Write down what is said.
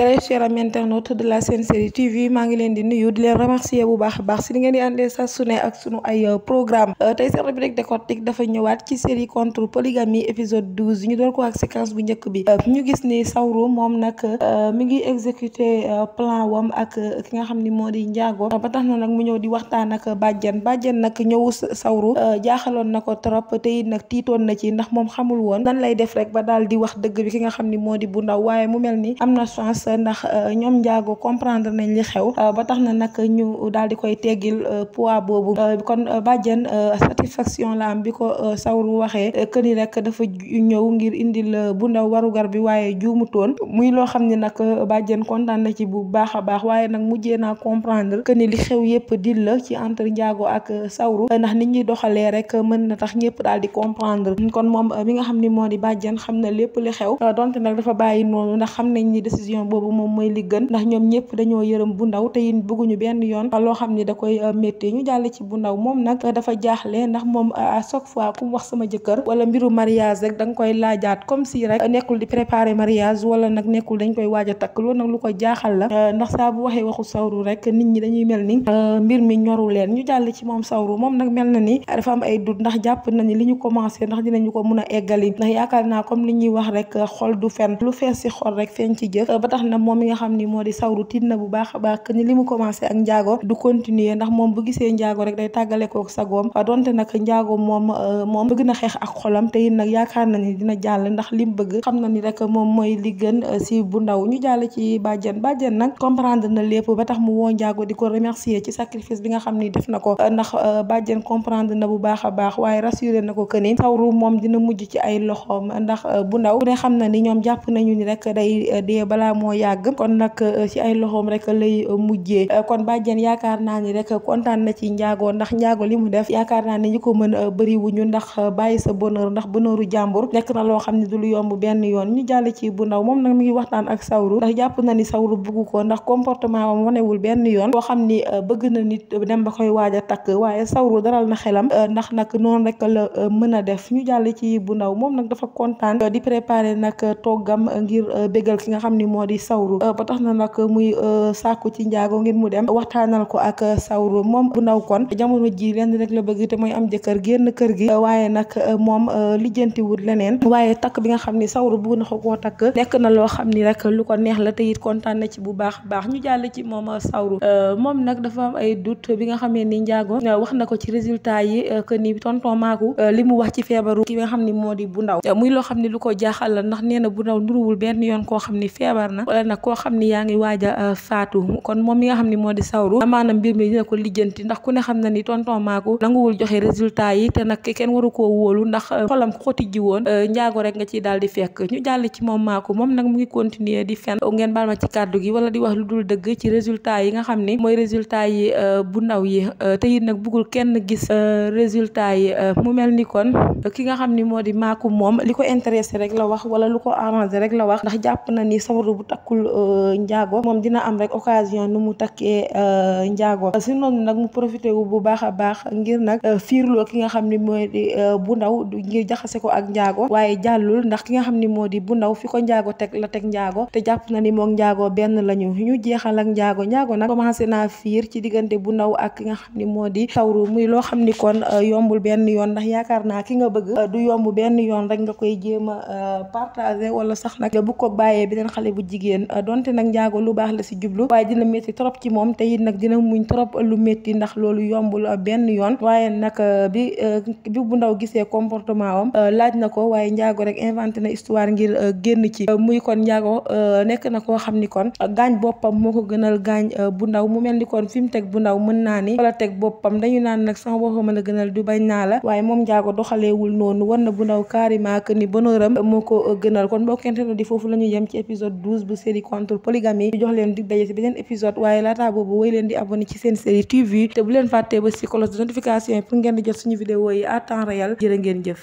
très chers amis internautes de la Sen Série TV maa ngi leen di nuyu di leen remercier bu baax a baax si ni ngeen di àndee saa su ak sunu ay euh, programme euh, tey seen rubrique décortique dafa ñëwaat ci série contre polygamie épisode 12 ñu door ko ak séquence bu njëkk bi euh, ñu gis ni Saourou moom nag mi ngi exécuter plan wam ak ki nga xam ni moo di njaago ba tax na nag mu ñëw di waxtaan ak bàjjan bàjjan nag ñëwu Saourou jaaxaloon na ko trop te it nag tiitoon na ci ndax moom xamul woon nan lay def rek ba daal di dëgg bi ki nga xam ni moo di bu ndaw waaye mu mel ni am na ndax euh, ñoom njaago comprendre nañ li xew euh, ba tax na nag ñu daal di koy teggil euh, pois boobu kon bàjjen satisfaction la am bi ko sawru waxee que ni rek dafa ñëw ngir indil bu ndaw warugar bi waaye juumutoon muy loo xam ne nag bàjjen kontaan na ci bu baax a baax waaye nag mujjee naa comprendre que ni li xew yëpp dil ci entre njaago ak sawru ndax nit ñi doxalee rek mën na tax ñëpp daal di comprendre kon mi nga xam ni moo di bàjjen xam na lépp li xew donte boobu moom mooy li gën ndax ñoom ñëpp dañoo yërëm bu ndaw te yin bëgguñu benn yoon loo xam ni da koy euh, métti ñu jàll ci bu ndaw moom nag dafa jaaxle ndax moom euh, à chaque fois ku wax sama jëkkër wala mbiru mariage rek da koy laajaat comme si rek nekkul di préparer mariage wala nag nekkul dañ koy waaj a takk nag lu ko jaaxal la euh, ndax bu waxee waxu sawru rek nit ñi dañuy mel ni mbir mi ñoru leen ñu jàll ci moom sawru moom nag mel na ni dafa am ay dut ndax jàpp na ni li ñu commencé ndax dinañu ko mun a eggali ndax yaakaar naa comme li ñuy wax rek xol du fen lu fees si xol rek feeñ ci jëf ba tax tax na moom mi nga xam ni moo di sawru tiit na bu baax a baax que ni li mu commencé ak njaago du continuer ndax moom bu gisee njaago rek day tàggalekoo sagoom donte nag euh, na xeex ak xolam nag na li mu bëgg xam na ni rek moom mooy li gën euh, si bu ndaw ñu jàll ci bàjjen bàjjen nag comprendre na lépp ba tax mu woo njaago di ko remercier ci sacrifice bi nga xam ni def na ko euh, ndax bàjjen comprendre na bu baax a baax waaye rassuré na ko que ni sawru moom dina mujj ci ay loxoom ndax bu ndaw ku ne xam na ni ñoom jàpp nañu ni rek day dee balaa moo moo yàgg kon nag euh, ci ay loxoom rek lay euh, mujjee euh, kon bàjjen yaakaar naa ni rek kontaan na ci njaago ndax njaago li mu def yaakaar naa ni ñu ko mën a bëri wuñu ndax bàyyi sa bonheur ndax bonheuru jàmbur nekk na loo xam ne du lu yomb benn yoon ñu jàll ci bu ndaw moom nag mi ngi waxtaan ak sawru ndax jàpp na ni sawru bugg ko ndax comportement wanewul benn yoon boo xam ni bëgg na nit dem ba koy waaj takk waaye sawru daral na xelam ndax nag noonu rek la mën a def ñu jàll ci bu ndaw moom nag dafa kontaan di préparer nag toggam ngir bégal ki nga xam ni moo di sawru euh, ba tax na nag muy euh, sàkku ci njaago ngir mu dem waxtaanal ko ak sawru moom bu ndaw kon jamono ji lenn rek la bëgg te mooy am jëkkër génn kër gi euh, waaye nag moom lijjantiwut leneen waaye takk bi nga xam ni sawru bu na ko koo takk nekk na loo xam ni rek lu ko neex la te it kontaan na ci bu baax baax ñu jàll ci moom sawru moom nag dafa am ay doute bi nga xamee ni njaago wax na ko ci résultat yi que ni tonton maaku li mu wax ci feebaru ki nga xam ni moo di bu ndaw muy loo xam ni lu ko jaaxal la ndax nee na bu ndaw nuruwul benn yoon koo xam ni feebar na wala nag koo xam ni yaa ngi waaj a euh, faatu kon moom mi nga xam ni moo di sawru amaana mbir mi dina ko lijjanti ndax ku xam na ni tonton Maako nanguwul joxe résultat yi te nag kenn waru koo wóolu ndax euh, xolam ko tijji woon euh, njaago rek nga ciy daal di fekk ñu jàll ci moom Maako moom nag mu ngi continuer di fen oh, ngeen baal ma ci kàddu gi wala di wax lu dul dëgg ci résultat yi nga xam ni mooy résultat yi bu ndaw yi te it nag bëggul kenn gis résultat yi mu mel ni kon ki nga xam ni moo di Maako moom li ko intéressé rek la wax wala lu la wax ndax takkul euh, njaago moom dina am rek occasion nu mu takkee euh, njaago si noonu nag mu profité wu bu baax a baax ngir nag euh, fiir ki nga xam ni mooy bu ndaw ngir jaxase ko ak njaago waaye jàllul ndax ki nga xam ni moo di bu ndaw fi ko njaago teg la teg njaago te jàpp na ni moom njaago benn la ñu ñu jeexal ak njaago njaago nag commencé naa fiir ci diggante bu ndaw ak ki nga xam ni moo di tawru muy loo xam ni kon yombul benn yoon ndax yaakaar naa ki nga bëgg du yomb benn yoon rek nga koy jéem a wala sax nag bu ko bàyyee beneen jigéen donte nag njaago lu baax la si jublu waaye dina métti trop ci moom te it nag dina muñ trop lu métti ndax loolu yombul uh, benn yoon waaye nag uh, bi uh, bi bu ndaw gisee comportement am laaj na ko waaye njaago rek inventé na histoire ngir génn ci muy kon njaago nekk na koo xam ni kon gaañ boppam moo ko gënal gaañ bu ndaw mu mel ni kon fi mu teg bu ndaw mën naa ni wala teg boppam dañu naan nag sama bopp mën a gënal du bañ naa la waaye moom njaago doxaleewul noonu war na bu ndaw carrément que ni bonheuram moo ko gënal kon bokkente la ñu série contre polygamie jox leen dig daje si beneen épisode waaye laataa boobu woy leen di abonné ci seen série TV te bu leen fàttee ba si cloche de notification yi pour ngeen di jot suñu vidéo yi à temps réel jërë ngeen jëf